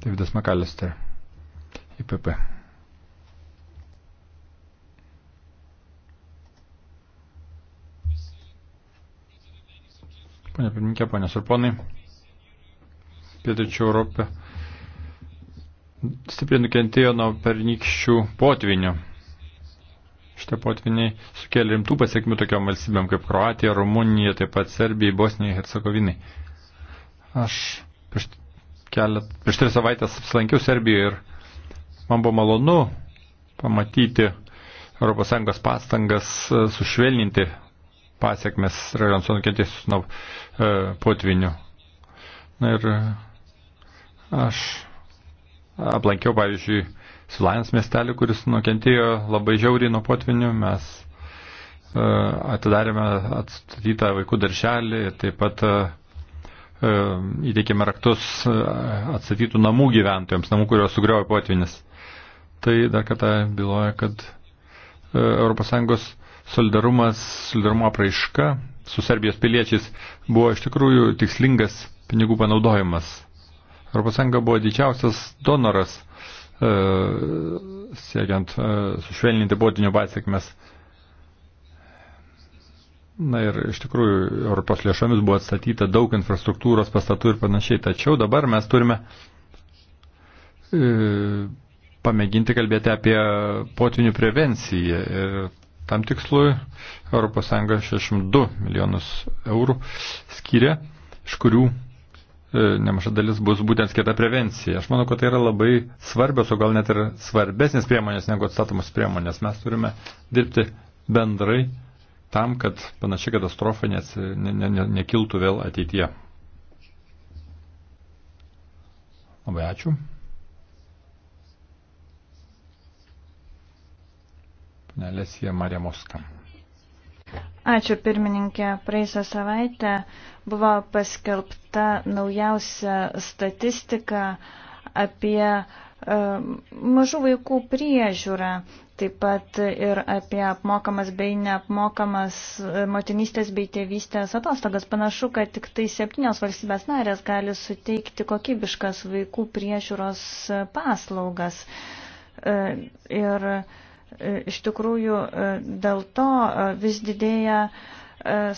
Davidas Makalister, IPP. Pane pirminkė, ponės ir ponai, pietryčių Europė stipriai nukentėjo nuo pernykščių potvinių. Šitie potviniai sukėlė rimtų pasiekmių tokiam valstybėm kaip Kroatija, Rumunija, taip pat Serbijai, Bosnijai, Hercegovinai. Aš prieš kelet, prieš tris savaitės apsilankiau Serbijoje ir man buvo malonu pamatyti ES pastangas e, sušvelninti pasiekmes rajonų sunukentėjusius nuo e, potvinių. Na ir e, aš aplankiau, pavyzdžiui, Svilajans miestelį, kuris nukentėjo labai žiauriai nuo potvinių. Mes e, atidarėme atstatytą vaikų darželį, taip pat e, E, įteikėme raktus e, atstatytų namų gyventojams, namų, kurios sugriovė potvinis. Tai dar kartą byloja, kad ES solidarumas, solidarumo praiška su Serbijos piliečiais buvo iš tikrųjų tikslingas pinigų panaudojimas. ES buvo didžiausias donoras e, siekiant sušvelninti potinių pasiekmes Na ir iš tikrųjų Europos lėšomis buvo atstatyta daug infrastruktūros pastatų ir panašiai, tačiau dabar mes turime e, pamėginti kalbėti apie potvinių prevenciją. Ir tam tikslui ES 62 milijonus eurų skiria, iš kurių e, nemaža dalis bus būtent skirta prevencija. Aš manau, kad tai yra labai svarbios, o gal net ir svarbesnės priemonės negu atstatomos priemonės. Mes turime dirbti bendrai tam, kad panašia katastrofa nes, ne, ne, ne, nekiltų vėl ateityje. Labai ačiū. Panelėsija Marija Moska. Ačiū pirmininkė. Praėjusią savaitę buvo paskelbta naujausia statistika apie e, mažų vaikų priežiūrą taip pat ir apie apmokamas bei neapmokamas e, motinystės bei tėvystės atostogas. Panašu, kad tik tai septynios valstybės narės gali suteikti kokybiškas vaikų priežiūros e, paslaugas. E, ir iš tikrųjų dėl to vis didėja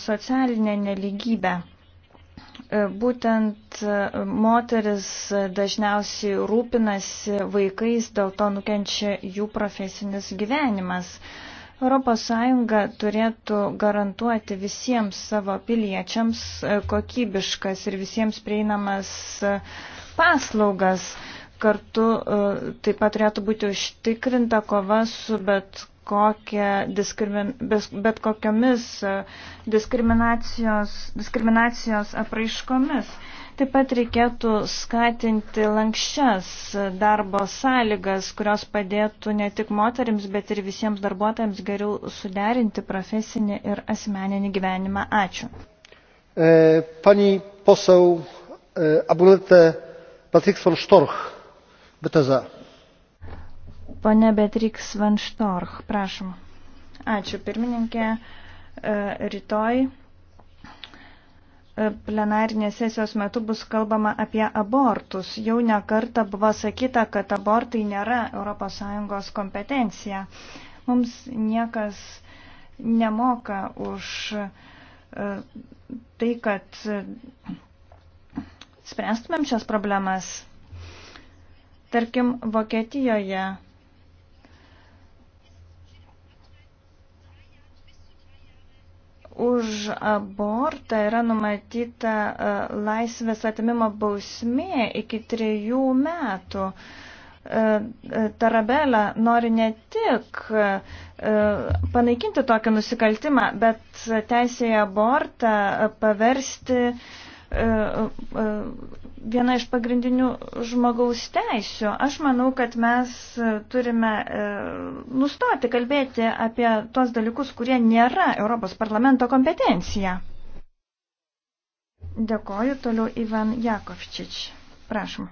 socialinė neligybė. Būtent e, moteris dažniausiai rūpinasi vaikais, dėl to nukenčia jų profesinis gyvenimas. ES turėtų garantuoti visiems savo piliečiams e, kokybiškas ir visiems prieinamas e, paslaugas. Kartu taip pat turėtų būti užtikrinta kova su bet diskrimin, bet, bet kokiomis e, diskriminacijos, diskriminacijos apraiškomis. Taip pat reikėtų skatinti lankščias darbo sąlygas, kurios padėtų ne tik moteriams, bet ir visiems darbuotojams geriau suderinti profesinį ir asmeninį gyvenimą. Ačiū. E, pani poseł e, Abunete Patryk von Storch, BTZ. Pane Betriks Van Štorch, prašom. Ačiū, pirmininkė. E, rytoj e, plenarinės sesijos metu bus kalbama apie abortus. Jau nekarta buvo sakyta, kad abortai nėra ES kompetencija. Mums niekas nemoka už e, tai, kad spręstumėm šias problemas. Tarkim, Vokietijoje už abortą yra numatyta e, laisvės atimimo bausmė iki trijų metų. E, e, Tarabelė nori ne tik panaikinti tokį nusikaltimą, bet teisėje abortą paversti uh, E, e, viena iš pagrindinių žmogaus teisių. Aš manau, kad mes turime e, nustoti kalbėti apie tos dalykus, kurie nėra Europos parlamento kompetencija. Dėkoju toliau Ivan Jakovčič. Prašom.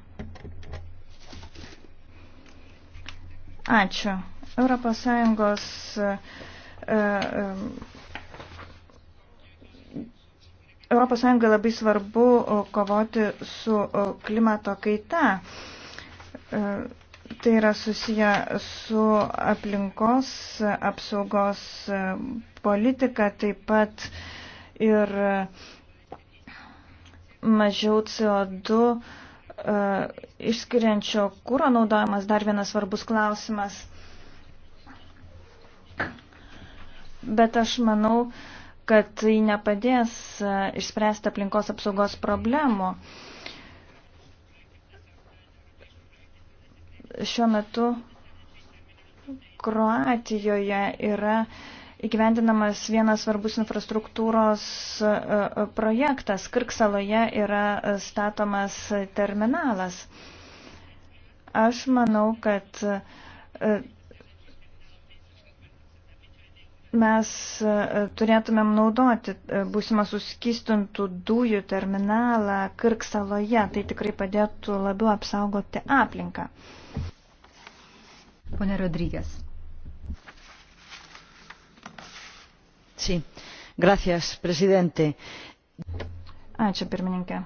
Ačiū. Europos Sąjungos uh, uh, ES labai svarbu kovoti su klimato kaita. E, tai yra susiję su aplinkos apsaugos e, politika, taip pat ir e, mažiau CO2 išskiriančio kūro naudojimas dar vienas svarbus klausimas. Bet aš manau, uh, kad tai nepadės e, išspręsti aplinkos apsaugos problemų. Šiuo metu Kroatijoje yra įgyvendinamas vienas svarbus infrastruktūros e, e, projektas. Kirksaloje yra statomas terminalas. Aš manau, kad mes e, turėtumėm naudoti e, būsimą suskystintų dujų terminalą Kirksaloje. Tai tikrai padėtų labiau apsaugoti aplinką. Pone Rodrygės. Sí. Gracias, presidente. Ačiū, pirmininkė.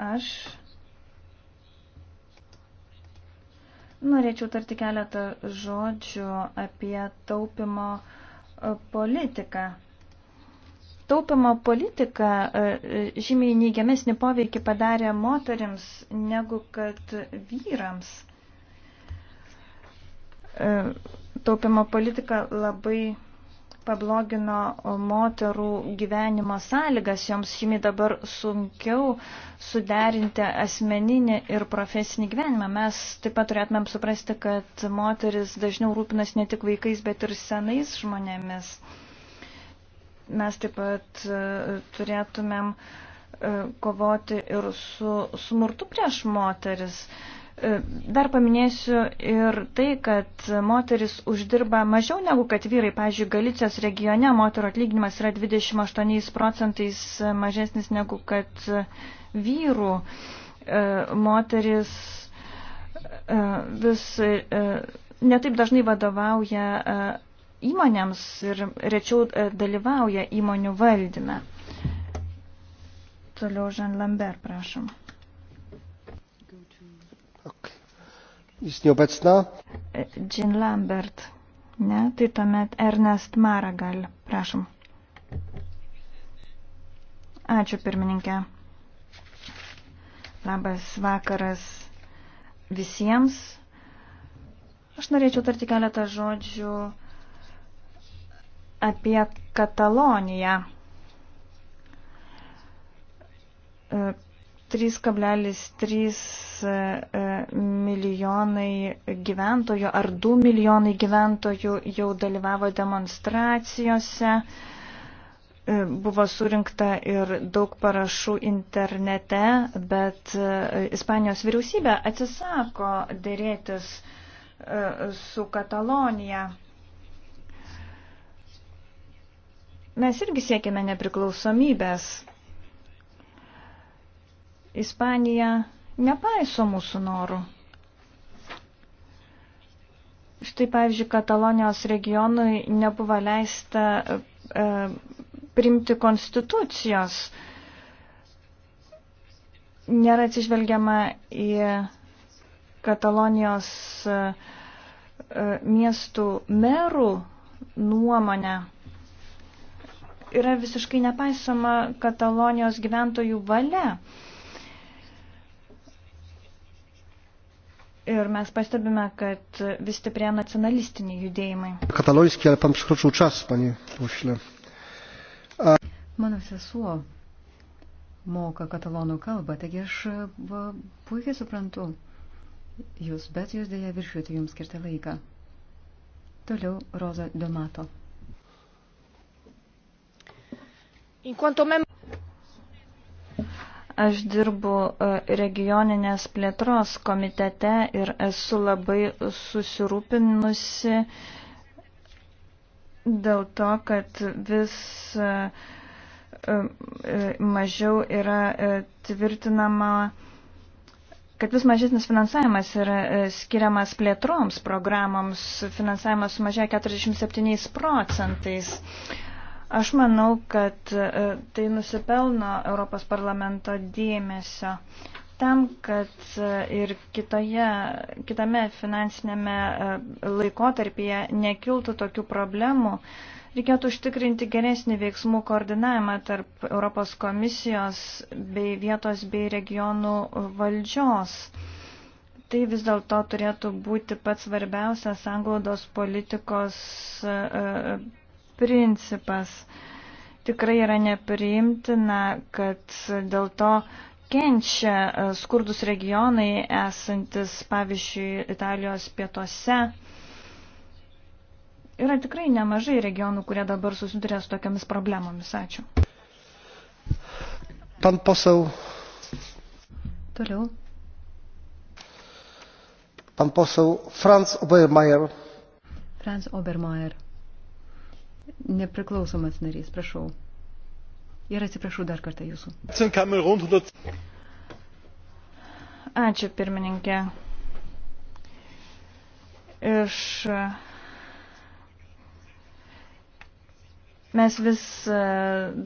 Aš Norėčiau tarti keletą žodžių apie taupimo e, politiką. Taupimo politika e, e, žymiai neigiamesnį poveikį padarė moteriams negu kad vyrams. Taupimo politika labai pablogino moterų gyvenimo sąlygas, joms šimi dabar sunkiau suderinti asmeninį ir profesinį gyvenimą. Mes taip pat turėtumėm suprasti, kad moteris dažniau rūpinas ne tik vaikais, bet ir senais žmonėmis. Mes taip pat e, turėtumėm e, kovoti ir su smurtu prieš moteris. Uh, E, dar paminėsiu ir tai, kad moteris uždirba mažiau negu kad vyrai. Pavyzdžiui, Galicijos regione moterų atlyginimas yra 28 procentais mažesnis negu kad vyrų. E, moteris e, vis netaip dažnai vadovauja įmonėms ir rečiau dalyvauja įmonių valdyme. Toliau Žan Lambert, prašom. Jis neobecna. Jean Lambert. Ne, tai tuomet Ernest Maragal. Prašom. Ačiū pirmininkė. Labas vakaras visiems. Aš norėčiau tarti keletą žodžių apie Kataloniją. 3,3 e, e, milijonai gyventojų ar 2 milijonai gyventojų jau dalyvavo demonstracijose. E, buvo surinkta ir daug parašų internete, bet Ispanijos vyriausybė atsisako dėrėtis su Katalonija. Mes irgi siekime nepriklausomybės Ispanija nepaiso mūsų norų. Štai, pavyzdžiui, Katalonijos regionui nebuvo leista e, primti konstitucijos. Nėra atsižvelgiama į Katalonijos e, e, miestų merų nuomonę. Yra visiškai nepaisoma Katalonijos gyventojų valia. E, Ir mes pastebime, kad vis stiprėja nacionalistiniai judėjimai. Katalojski, ale pan przekroczył czas, panie pośle. A... Mano sesuo moka katalonų kalbą, taigi aš va, puikiai suprantu jūs, bet jūs dėja viršiuoti jums skirtą laiką. Toliau Roza Domato. In quanto membro Aš dirbu e, regioninės plėtros komitete ir esu labai susirūpinusi dėl to, kad vis e, e, mažiau yra tvirtinama, kad vis mažesnis finansavimas yra skiriamas plėtroms programoms, finansavimas sumažėjo 47 procentais. Aš manau, kad e, tai nusipelno Europos parlamento dėmesio tam, kad e, ir kitoje, kitame finansinėme e, laikotarpyje nekiltų tokių problemų, reikėtų užtikrinti geresnį veiksmų koordinavimą tarp Europos komisijos bei vietos bei regionų valdžios. Tai vis dėlto turėtų būti pats svarbiausias anglaudos politikos principas. Tikrai yra nepriimtina, kad dėl to kenčia e, skurdus regionai esantis, pavyzdžiui, Italijos pietuose. Yra tikrai nemažai regionų, kurie dabar susiduria su tokiamis problemomis. Ačiū. Pan poseł. Toliau. Pan poseł Franz Obermeier. Franz Obermeier. Nepriklausomas narys, prašau. Ir atsiprašau dar kartą jūsų. Ačiū, pirmininkė. Iš Mes vis e,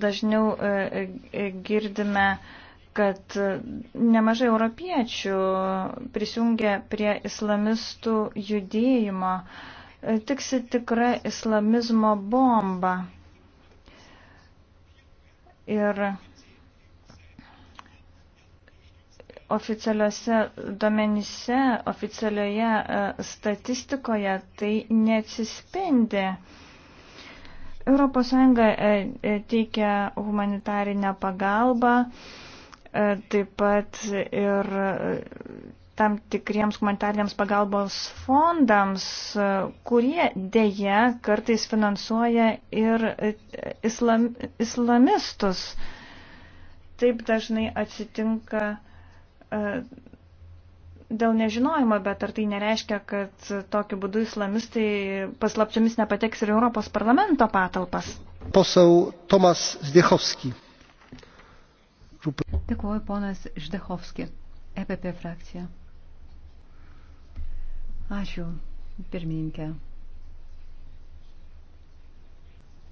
dažniau e, e, girdime, kad nemažai europiečių prisijungia prie islamistų judėjimo tiksi tikra islamizmo bomba. Ir oficialiuose domenyse, oficialioje e, statistikoje tai neatsispindi. ES e, e, teikia humanitarinę pagalbą, taip pat ir tam tikriems humanitariniams pagalbos fondams, kurie dėje kartais finansuoja ir e, islam, islamistus. Taip dažnai atsitinka e, dėl nežinojimo, bet ar tai nereiškia, kad tokiu būdu islamistai paslapčiomis nepateks ir Europos parlamento patalpas? Posau Tomas Zdechovski. Dėkuoju, ponas Ždechovski, EPP frakcija. Ačiū, pirmininkė.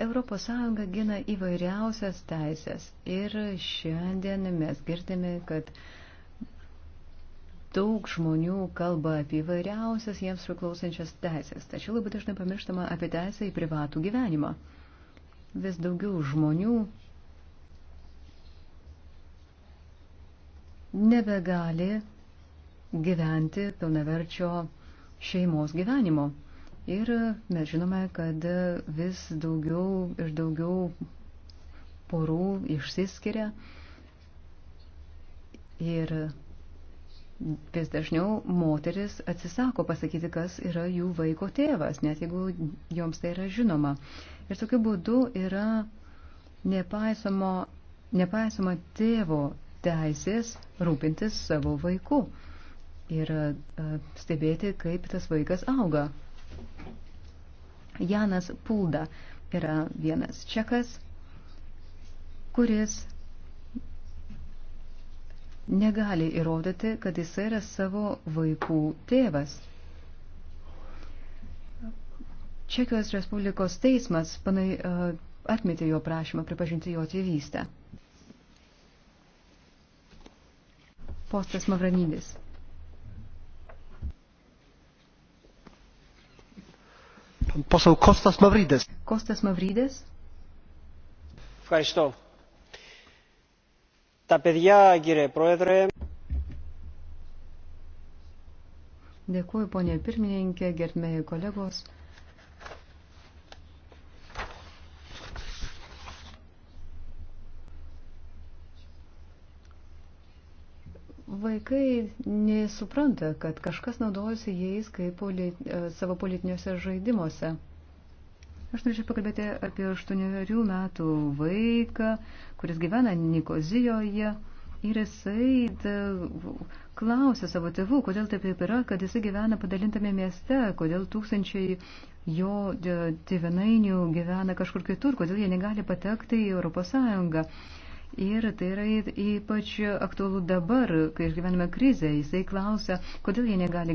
Europos Sąjunga gina įvairiausias teisės ir šiandien mes girdime, kad daug žmonių kalba apie įvairiausias jiems priklausančias teisės, tačiau labai dažnai pamirštama apie teisę į privatų gyvenimą. Vis daugiau žmonių nebegali gyventi pilnaverčio šeimos gyvenimo. Ir mes žinome, kad vis daugiau ir daugiau porų išsiskiria ir vis dažniau moteris atsisako pasakyti, kas yra jų vaiko tėvas, net jeigu joms tai yra žinoma. Ir tokiu būdu yra nepaisoma, nepaisoma tėvo teisės rūpintis savo vaiku ir e, stebėti, kaip tas vaikas auga. Janas Pulda yra vienas čekas, kuris negali įrodyti, kad jis yra savo vaikų tėvas. Čekijos Respublikos teismas panai, e, atmetė jo prašymą pripažinti jo tėvystę. Postas Mavranydis. Posau Kostas Mavrydės. Kostas Mavrydės. Ευχαριστώ. Τα παιδιά, κύριε Πρόεδρε. Dėkuoju, ponė pirmininkė, gerbėjai kolegos. Vaikai nesupranta, kad kažkas naudojasi jais kaip polit, e, savo politiniuose žaidimuose. Aš norėčiau pakalbėti apie 8 metų vaiką, kuris gyvena Nikozijoje. Ir jisai da, e, klausia savo tėvų, kodėl taip yra, kad jisai gyvena padalintame mieste, kodėl tūkstančiai jo e, tėvinainių gyvena kažkur kitur, kodėl jie negali patekti į Europos Sąjungą. Ir tai yra ypač aktualu dabar, kai išgyvename krizę. Jisai klausia, kodėl jie negali,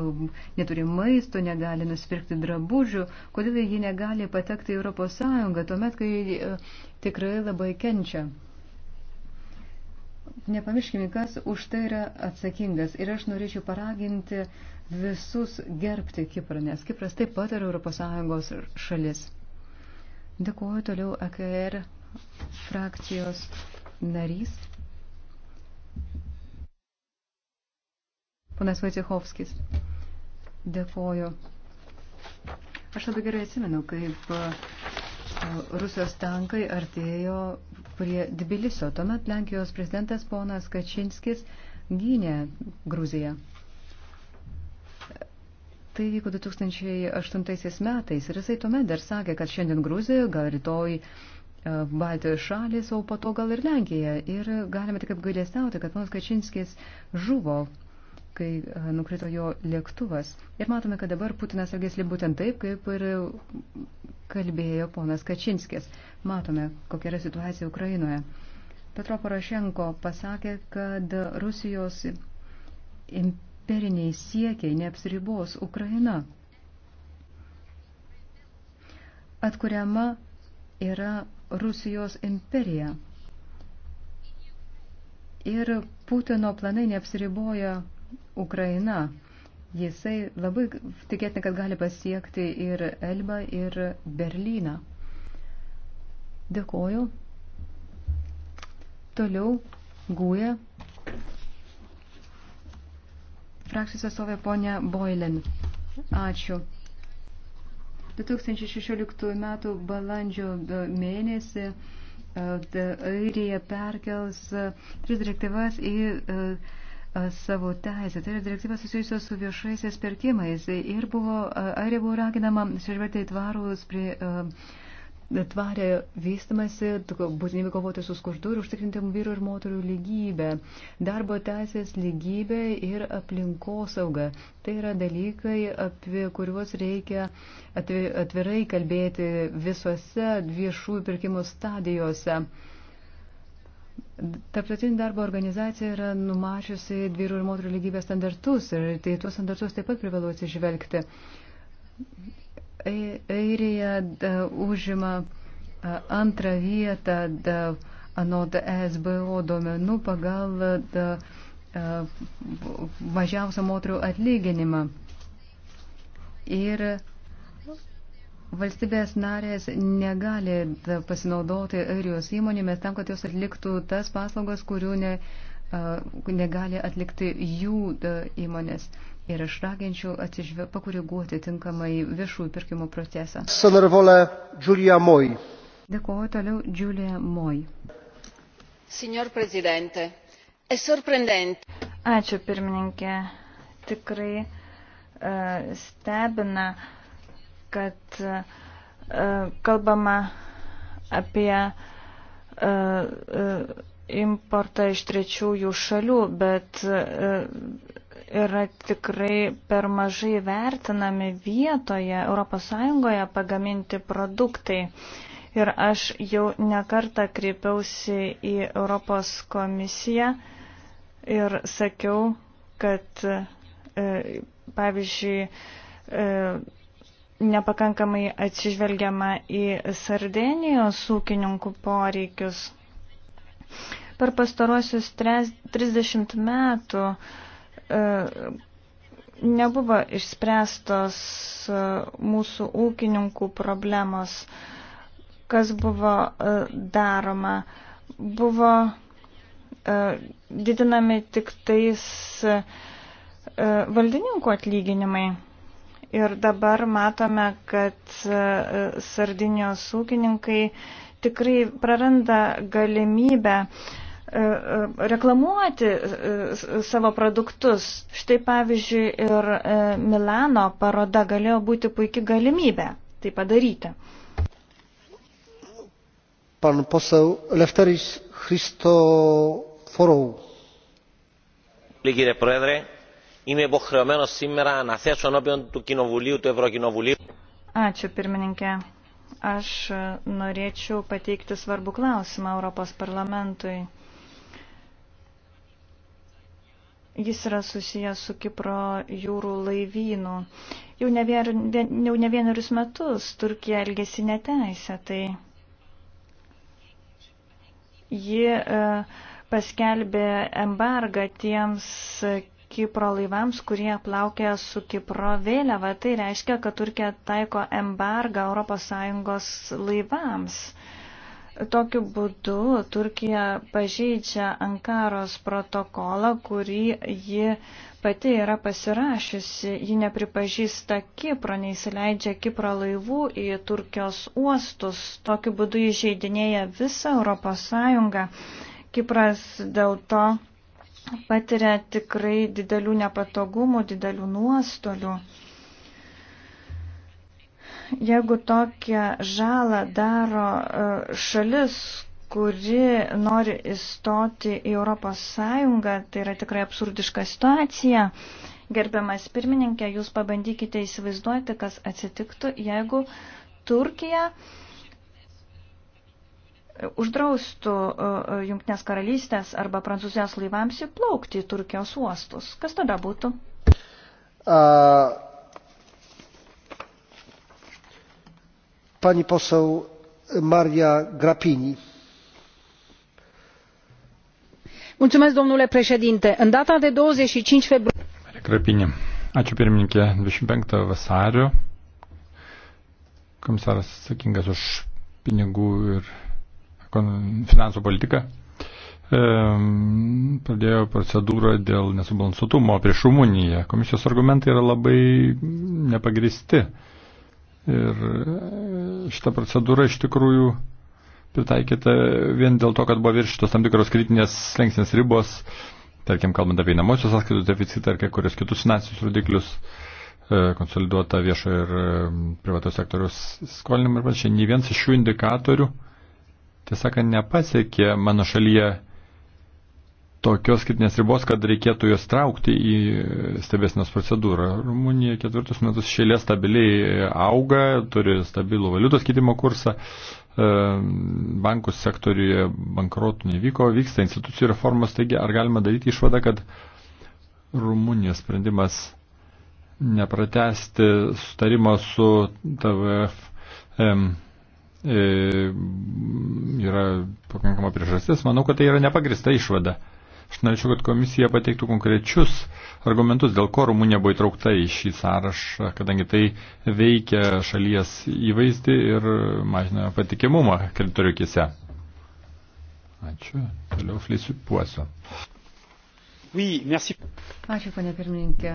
um, neturi maisto, negali nusipirkti drabužių, kodėl jie negali patekti į Europos Sąjungą, tuomet, kai uh, tikrai labai kenčia. Nepamirškime, kas už tai yra atsakingas. Ir aš norėčiau paraginti visus gerbti Kiprą, nes Kipras taip pat yra Europos Sąjungos šalis. Dėkuoju toliau AKR frakcijos narys. Ponas Vatichovskis dėkoju. Aš labai gerai atsimenu, kaip uh, Rusijos tankai artėjo prie Dbilisio. Tuomet Lenkijos prezidentas ponas Kačinskis gynė Gruziją. Tai vyko 2008 metais ir jisai tuomet dar sakė, kad šiandien Gruzija, gal rytoj uh, E, Baltijos šalis, o po to gal ir Lenkija. Ir galime tik apgailėstauti, kad ponas Kačinskis žuvo, kai e, nukrito jo lėktuvas. Ir matome, kad dabar Putinas elgėsi būtent taip, kaip ir kalbėjo ponas Kačinskis. Matome, kokia yra situacija Ukrainoje. Petro Porošenko pasakė, kad Rusijos imperiniai siekiai neapsiribos Ukraina. Atkuriama yra Rusijos imperija. Ir Putino planai neapsiriboja Ukraina. Jisai labai tikėtina, kad gali pasiekti ir Elbą, ir Berlyną. Dėkoju. Toliau Gūja. Frakcijos atstovė ponia Boilen. Ačiū. 2016 m. balandžio mėnesį e, Airija perkels e, tris direktyvas į e, savo teisę. Tai yra direktyva susijusios su viešaisiais pirkimais ir buvo, Airija buvo raginama sižvelgti į tvarus prie. Uh, tvarę vystimasi, būtinybė kovoti su skurdu ir užtikrinti vyru ir moterų lygybę, darbo teisės lygybę ir aplinkosauga. Tai yra dalykai, apie kuriuos reikia atvirai kalbėti visose viešųjų pirkimų stadijose. Tarptautinė darbo organizacija yra numačiusi vyrų ir moterų lygybės standartus ir tai tuos standartus taip pat privalu atsižvelgti. Airija da, užima antrą vietą da, anot SBO duomenų pagal da, a, mažiausią moterų atlyginimą. Ir valstybės narės negali da, pasinaudoti airijos įmonėmis tam, kad jos atliktų tas paslaugas, kurių ne, a, negali atlikti jų įmonės. Ir aš raginčiau atsižvė pakoreguoti tinkamai viešųjų pirkimų procesą. Sonorvole Giulia Moj. Dėkuoju toliau Giulia Moj. Signor Presidente, è sorprendente. Ačiū pirmininkė. Tikrai uh, stebina, kad uh, kalbama apie uh, uh, importą iš trečiųjų šalių, bet e, yra tikrai per mažai vertinami vietoje ES pagaminti produktai. Ir aš jau nekartą kreipiausi į Europos komisiją ir sakiau, kad e, pavyzdžiui e, nepakankamai atsižvelgiama į Sardenijos ūkininkų poreikius. Per pastaruosius 30 metų e, nebuvo išspręstos e, mūsų ūkininkų problemos. Kas buvo e, daroma? Buvo didinami tik tais valdininkų atlyginimai. Ir dabar matome, kad Sardinijos ūkininkai tikrai praranda galimybę e, e, reklamuoti e, savo produktus. Štai pavyzdžiui ir Milano paroda galėjo būti puikia galimybė tai padaryti. Pan poseł Lefteris Χριστοφορού. Κύριε Πρόεδρε, είμαι υποχρεωμένος σήμερα να θέσω ενώπιον του Κοινοβουλίου, του Ευρωκοινοβουλίου. Ačiū, pirmininkė. Aš norėčiau pateikti svarbų klausimą Europos parlamentui. Jis yra susijęs su Kipro jūrų laivynu. Jau ne, vien, jau ne vienerius metus Turkija elgesi neteisę, tai ji e, paskelbė embargą tiems Kipro laivams, kurie plaukia su Kipro vėliava. Tai reiškia, kad Turkija taiko embargą ES laivams. Tokiu būdu Turkija pažeidžia Ankaros protokolą, kurį ji pati yra pasirašiusi. Ji nepripažįsta Kipro, neįsileidžia Kipro laivų į Turkijos uostus. Tokiu būdu įžeidinėja visą Europos Sąjungą. Kipras dėl to patiria tikrai didelių nepatogumų, didelių nuostolių. Jeigu tokią žalą daro e, šalis, kuri nori įstoti į Europos Sąjungą, tai yra tikrai absurdiška situacija. Gerbiamas pirmininkė, jūs pabandykite įsivaizduoti, kas atsitiktų, jeigu Turkija uh, uždraustų e, e, Junktinės karalystės arba Prancūzijos laivams įplaukti į Turkijos uostus. Kas tada būtų? A... Pani posau Maria Grapini. Mulțumesc, domnule președinte. În data de 25 februarie... Grapini. Ačiū pirmininkė. 25 vasario komisaras atsakingas už pinigų ir finansų politiką, pradėjo procedūrą dėl nesubalansuotumo prieš Rumuniją. Komisijos argumentai yra labai nepagristi. Ir e, šita procedūra iš tikrųjų pritaikyta vien dėl to, kad buvo viršytos tam tikros kritinės slengsnės ribos, tarkim, kalbant apie namosios sąskaitų deficitą ar kai kurios kitus finansinius rodiklius, e, konsoliduota viešo ir e, privatos sektoriaus skolinimą ir panašiai. Nį vienas iš šių indikatorių uh, tiesą sakant, nepasiekė mano šalyje tokios kritinės ribos, kad reikėtų juos traukti į stebėsinos procedūrą. Rumunija ketvirtus metus šėlė stabiliai auga, turi stabilų valiutos kitimo kursą, e, bankų sektoriuje bankrotų nevyko, vyksta institucijų reformos, taigi ar galima daryti išvadą, kad Rumunijos sprendimas nepratesti sutarimo su TVF E, yra pakankama priežastis, manau, kad tai yra nepagrista išvada. Aš norėčiau, kad komisija pateiktų konkrečius argumentus, dėl ko Rumunija buvo įtraukta į šį sąrašą, kadangi tai veikia šalies įvaizdį ir mažina patikimumą kreditorių kise. Ačiū. Toliau flysiu puosiu. Oui, merci. Ačiū, ponė pirmininkė.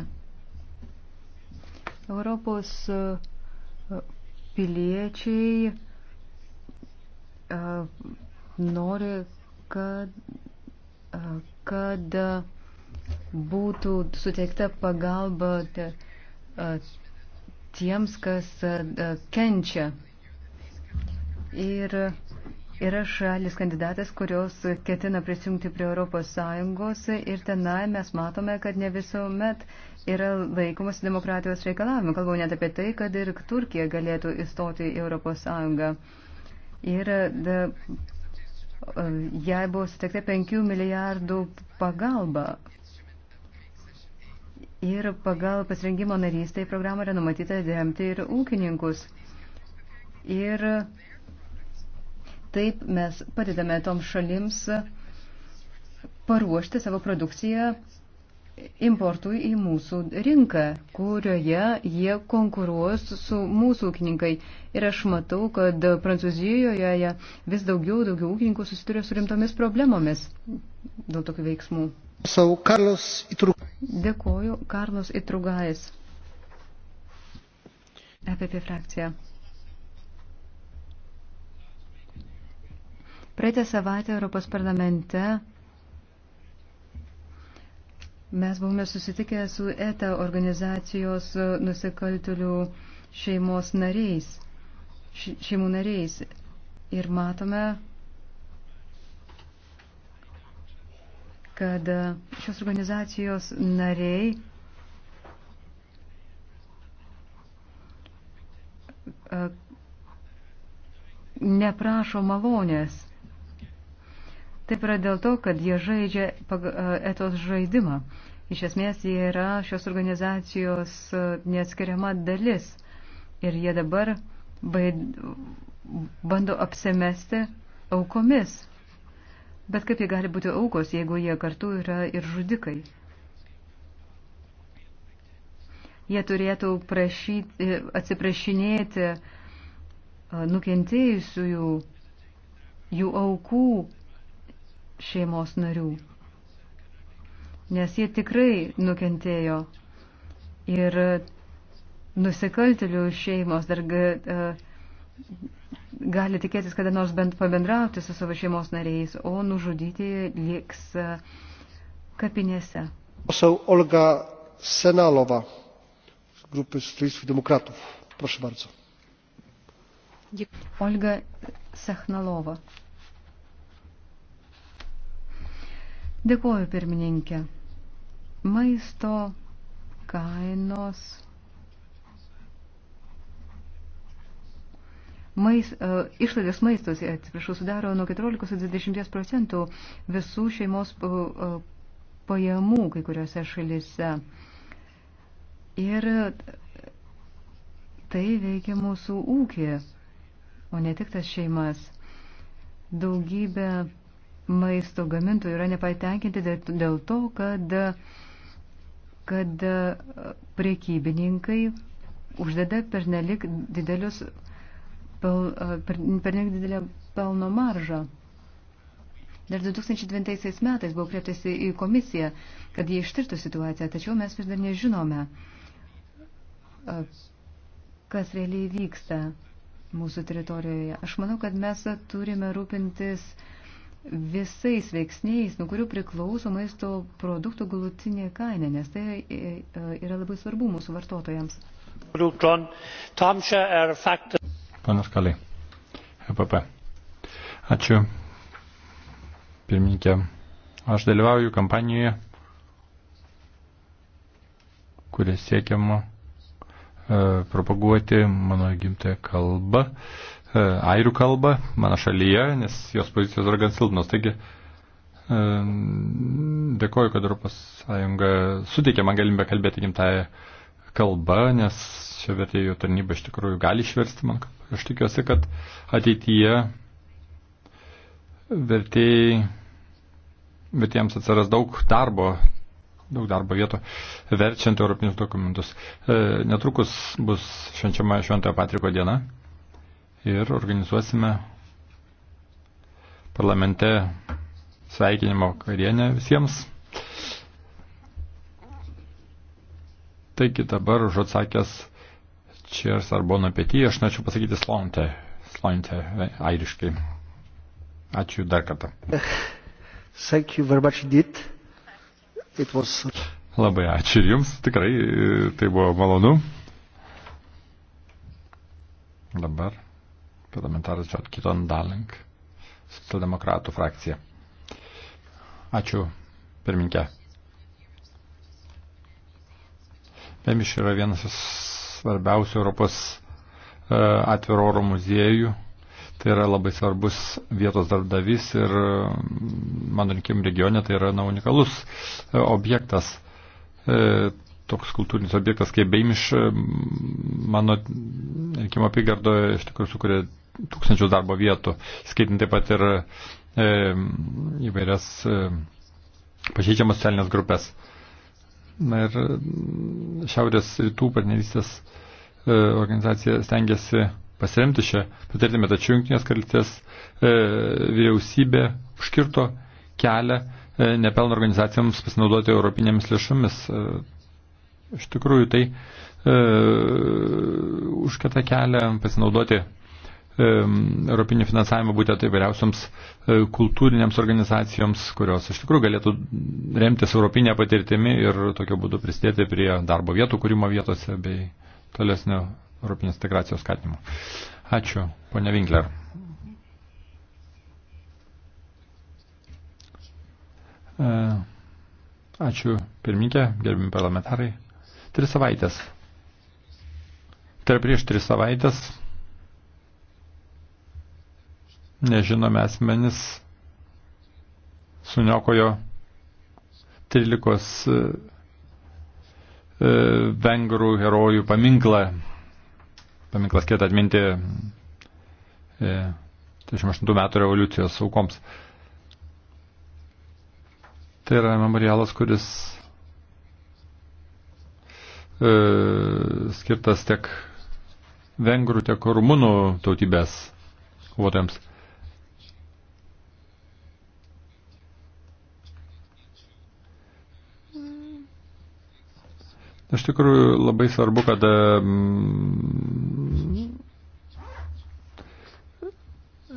Europos e, piliečiai nori, kad, kad būtų suteikta pagalba tiems, kas kenčia. Ir yra šalis kandidatės, kurios ketina prisijungti prie Europos Sąjungos ir tenai mes matome, kad ne visuomet yra laikomas demokratijos reikalavimų. Kalbu net apie tai, kad ir Turkija galėtų įstoti į Europos Sąjungą ir da, um, jai buvo suteikta 5 milijardų pagalba. Ir pagal pasirengimo narystę į programą yra numatyta remti ir ūkininkus. Ir taip mes padedame toms šalims paruošti savo produkciją importui į mūsų rinką, kurioje jie konkuruos su mūsų ūkininkai. Ir aš matau, kad Prancūzijoje vis daugiau, daugiau ūkininkų susituria su rimtomis problemomis dėl tokių veiksmų. Savo Karlos Itrugais. Dėkoju, Karlos Itrugais. EPP frakcija. Praeitą savaitę Europos parlamente Mes buvome susitikę su ETA organizacijos e, nusikaltelių šeimos nariais, šeimų nariais. Ir matome, kad e, šios organizacijos nariai e, neprašo malonės Taip yra dėl to, kad jie žaidžia etos žaidimą. Iš esmės jie yra šios organizacijos neatskiriama dalis. Ir jie dabar baid, bando apsimesti aukomis. Bet kaip jie gali būti aukos, jeigu jie kartu yra ir žudikai? Jie turėtų prašyti, e, atsiprašinėti nukentėjusiųjų, jų aukų šeimos narių, nes jie tikrai nukentėjo ir nusikaltelių šeimos dar gali tikėtis kada nors bent pabendrauti su savo šeimos nariais, o nužudyti liks kapinėse. Poseł Olga Senalowa z grupy Stronnictw Demokratów. Proszę bardzo. Olga Sechnalowa. Dėkuoju, pirmininkė. Maisto kainos. Mais, uh, e, išlaidės maistos, e, atsiprašau, sudaro nuo 14-20 procentų visų šeimos uh, pajamų kai kuriuose šalise. Ir tai veikia mūsų ūkį, o ne tik tas šeimas. Daugybė maisto gamintojų yra nepatenkinti dėl to, kad, kad priekybininkai uždeda pernelik didelius pel, per, pernelik didelę pelno maržą. Dar 2020 metais buvo kreiptasi į komisiją, kad jie ištirtų situaciją, tačiau mes vis dar nežinome, kas realiai vyksta mūsų teritorijoje. Aš manau, kad mes turime rūpintis uh, visais veiksniais, nuo kurių priklauso maisto produktų galutinė kaina, nes tai e, e, yra labai svarbu mūsų vartotojams. Panas Kaliai, EPP. Ačiū, pirmininkė. Aš dalyvauju kampanijoje, kuria siekiama e, propaguoti mano gimtąją kalbą E, airių kalbą mano šalyje, nes jos pozicijos yra gan silpnos. Taigi, e, dėkoju, kad Europos Sąjunga suteikė man galimybę kalbėti gimtąją kalbą, nes čia vertėjų tarnyba iš tikrųjų gali išversti man. Aš tikiuosi, kad ateityje vertėjai, vertėjams atsiras daug darbo, daug darbo vietų verčiant europinius dokumentus. E, netrukus bus švenčiama Šventojo Patriko diena ir organizuosime parlamente sveikinimo karienę visiems. Taigi dabar už atsakęs Cheers ar Bon Appetit, aš norėčiau pasakyti slonte, slonte e, airiškai. Ačiū dar kartą. Eh, thank you very much indeed. It was... Labai ačiū ir jums, tikrai e, tai buvo malonu. Dabar parlamentaras John Kiton Darling, socialdemokratų frakcija. Ačiū, pirminkė. Vemiš yra vienas svarbiausių Europos e, atviro oro muziejų. Tai yra labai svarbus vietos darbdavys ir mano rinkimų regione tai yra na, unikalus e, objektas. E, toks kultūrinis objektas kaip Beimiš mano rinkimo apygardoje iš tikrųjų sukuria tūkstančius darbo vietų, skaitant taip pat ir e, įvairias e, pažeidžiamas socialinės grupės. Na ir mm, Šiaurės rytų partnerystės e, organizacija stengiasi pasiremti šią patirtimę, tačiau Junktinės karalystės e, vyriausybė užkirto kelią e, nepelno organizacijoms pasinaudoti europinėmis lėšomis. E, iš tikrųjų tai e, užkata kelią pasinaudoti europinio finansavimo būtent įvairiausiams e, kultūriniams organizacijoms, kurios iš tikrųjų galėtų remtis europinė patirtimi ir tokiu būdu prisidėti prie darbo vietų kūrimo vietose bei tolesnio europinės integracijos skatinimo. Ačiū, ponia Winkler. E, ačiū, pirmininkė, gerbimi parlamentarai. Tris savaitės. Tai yra prieš tris savaitės nežinome asmenis suniokojo 13 e, e, vengrų herojų paminklą. Paminklas kietą atminti 38 e, metų revoliucijos aukoms. Tai yra memorialas, kuris e, skirtas tiek vengrų, tiek rumunų tautybės kovotojams. Iš tikrųjų labai svarbu, kad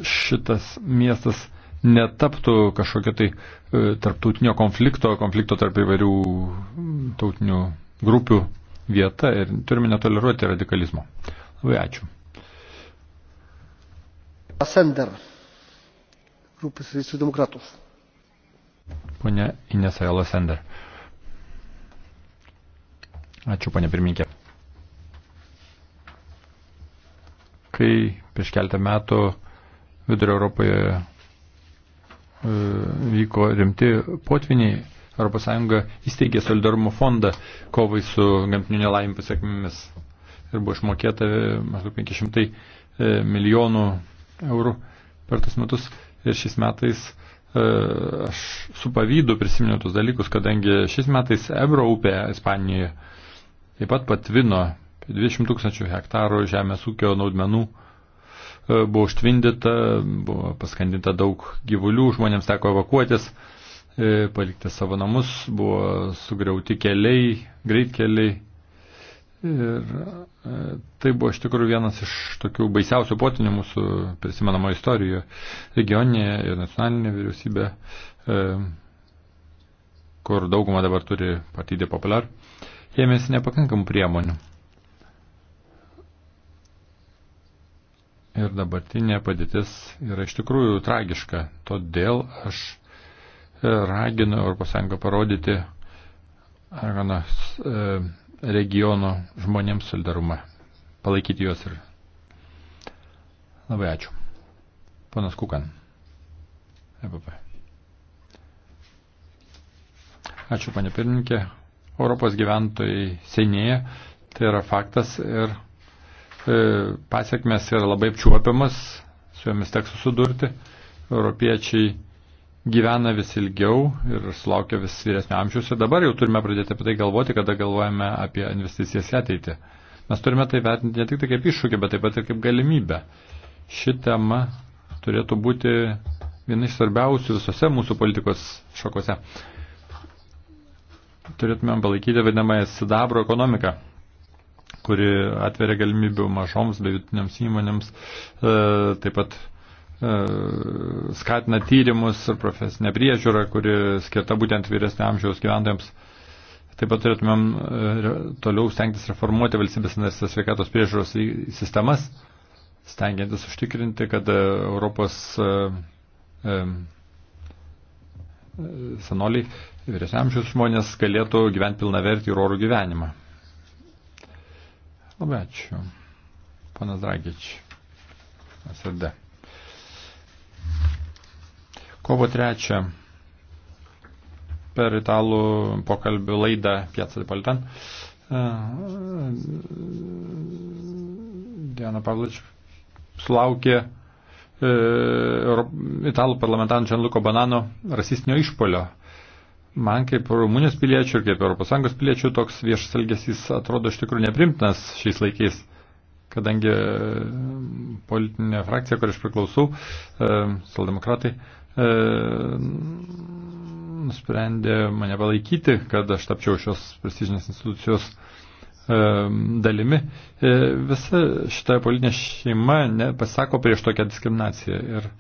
šitas miestas netaptų kažkokio tai e, tarptautinio konflikto, konflikto tarp įvairių tautinių grupių vieta ir turime netoleruoti radikalizmo. Labai ačiū. Asender, grupės visų demokratų. Pone Inesa Jalasender. Ačiū, ponė pirminkė. Kai prieš keltą metų vidurio Europoje e, vyko rimti potviniai, ES įsteigė solidarumo fondą kovai su gamtiniu nelaimė pasiekmėmis ir buvo išmokėta maždaug 500 e, milijonų eurų per tus metus ir šiais metais e, aš su pavydu prisiminiau tos dalykus, kadangi šiais metais Ebro upė Ispanijoje taip pat patvino 20 tūkstančių hektarų žemės ūkio naudmenų e, buvo užtvindyta, buvo paskandinta daug gyvulių, žmonėms teko evakuotis, e, palikti savo namus, buvo sugriauti keliai, greitkeliai. Ir e, tai buvo iš tikrųjų vienas iš tokių baisiausių potinių mūsų prisimenamo istorijoje. Regioninė ir nacionalinė vyriausybė, kur daugumą dabar turi partydė populiar, ėmėsi nepakankamų priemonių. Ir dabartinė padėtis yra iš tikrųjų tragiška. Todėl aš e, raginu ES parodyti Arganos e, regiono žmonėms solidarumą, palaikyti juos ir. Labai ačiū. Ponas Kukan. EPP. Ačiū, panė pirmininkė. Europos gyventojai senėja, tai yra faktas ir e, pasiekmes yra labai apčiuopiamas, su jomis teks susidurti. Europiečiai gyvena vis ilgiau ir sulaukia vis vyresnio amžiaus ir dabar jau turime pradėti apie tai galvoti, kada galvojame apie investicijas į ateitį. Mes turime tai vertinti ne tik tai kaip iššūkį, bet taip pat ir kaip galimybę. Ši tema turėtų būti viena iš svarbiausių visose mūsų politikos šakose turėtumėm palaikyti vadinamąją sidabro ekonomiką, kuri atveria galimybių mažoms bei vidutinėms įmonėms, e, taip pat e, skatina tyrimus ir profesinę priežiūrą, kuri skirta būtent vyresnio amžiaus gyventojams. Taip pat turėtumėm e, toliau stengtis reformuoti valstybės narės sveikatos priežiūros sistemas, stengiantis užtikrinti, kad Europos senoliai vyresniamžius žmonės galėtų gyventi pilna vertį ir orų gyvenimą. Labai ačiū. Panas Dragič. SRD. Kovo trečią per italų pokalbių laidą Piazza di Polten. E, Diana Pavlič sulaukė e, italų parlamentarų Čianluko Banano rasistinio išpolio. E, Man kaip Rumunijos piliečių ir kaip ES piliečių toks viešas elgesys atrodo iš tikrųjų neprimtinas šiais laikais, kadangi mm, politinė frakcija, kur aš priklausau, e, saldemokratai, e, nusprendė mane palaikyti, kad aš tapčiau šios prestižinės institucijos e, dalimi. E, visa šita politinė šeima ne, pasako prieš tokią diskriminaciją. Ir,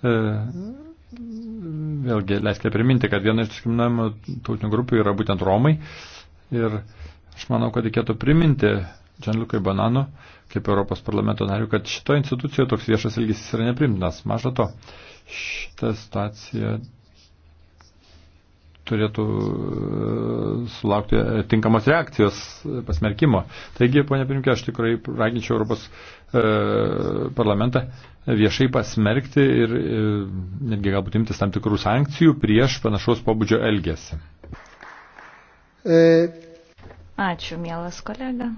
e, vėlgi leiskite priminti, kad viena iš diskriminuojamų tautinių grupių yra būtent Romai. Ir aš manau, kad reikėtų priminti Džanliukai Bananu, kaip Europos parlamento nariu, kad šitoje institucijoje toks viešas ilgis yra neprimtinas. Maža to, šita situacija turėtų e, sulaukti tinkamos reakcijos e, pasmerkimo. Taigi, ponia pirmininkė, aš tikrai raginčiau Europos e, parlamentą viešai pasmerkti ir netgi galbūt imtis tam tikrų sankcijų prieš panašaus pobūdžio elgesį. Ačiū, mielas kolega.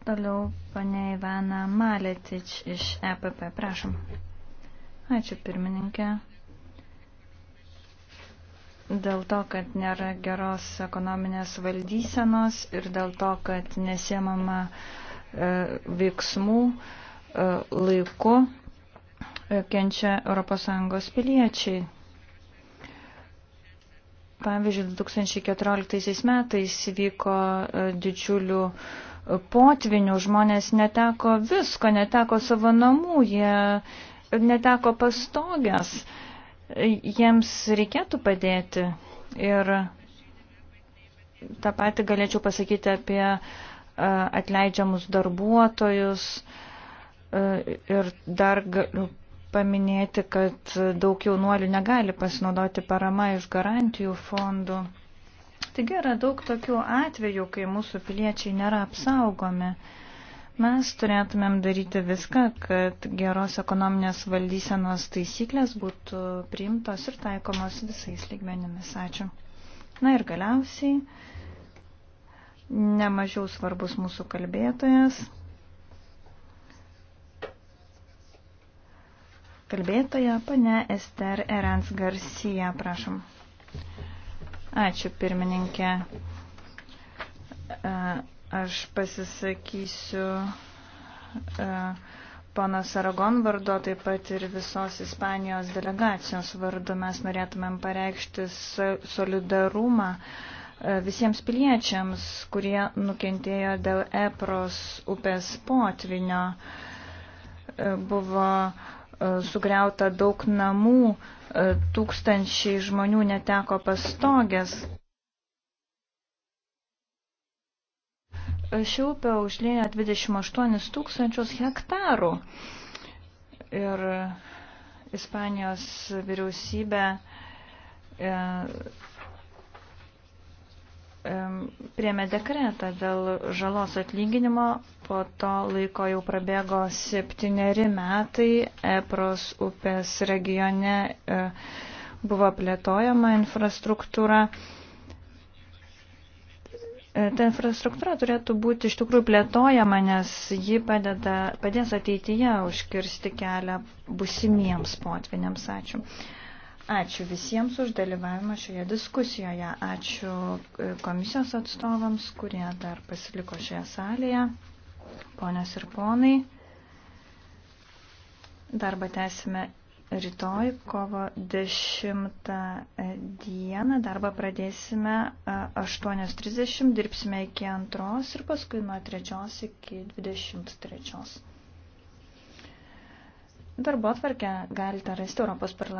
Toliau pane Ivana Maletič iš EPP. Prašom. Ačiū pirmininkė. Dėl to, kad nėra geros ekonominės valdysenos ir dėl to, kad nesiemama e, veiksmų e, laiku, e, kenčia ES piliečiai. Pavyzdžiui, 2014 metais vyko e, didžiulių e, potvinių, žmonės neteko visko, neteko savo namų, jie neteko pastogės, jiems reikėtų padėti. Ir tą patį galėčiau pasakyti apie atleidžiamus darbuotojus ir dar galiu paminėti, kad daug jaunuolių negali pasinaudoti parama iš garantijų fondų. Taigi yra daug tokių atvejų, kai mūsų piliečiai nėra apsaugomi. Mes turėtumėm daryti viską, kad geros ekonominės valdysenos taisyklės būtų priimtos ir taikomos visais lygmenimis. Ačiū. Na ir galiausiai, nemažiau svarbus mūsų kalbėtojas. Kalbėtoja pane Ester Erans Garcia, prašom. Ačiū, pirmininkė. E, aš pasisakysiu e, ponas Aragon vardu, taip pat ir visos Ispanijos delegacijos vardu. Mes norėtumėm pareikšti solidarumą e, visiems piliečiams, kurie nukentėjo dėl Epros upės potvinio. Buvo E, sugriauta daug namų, e, tūkstančiai žmonių neteko pastogės. Ši upė užlėja 28 tūkstančius hektarų. Ir Ispanijos vyriausybė e, priemė dekretą dėl žalos atlyginimo, po to laiko jau prabėgo septyneri metai, Epros upės regione e, buvo plėtojama infrastruktūra. E, ta infrastruktūra turėtų būti iš tikrųjų plėtojama, nes ji padeda, padės ateityje užkirsti kelią busimiems potviniams. Ačiū. Ačiū visiems už dalyvavimą šioje diskusijoje. Ačiū e, komisijos atstovams, kurie dar pasiliko šioje salėje. Ponios ir ponai, darbą tęsime rytoj, kovo 10 dieną. Darbą pradėsime 8.30, e, dirbsime iki 2 ir paskui nuo 3 iki 23. Darbo atvarkę galite rasti Europos parlamente.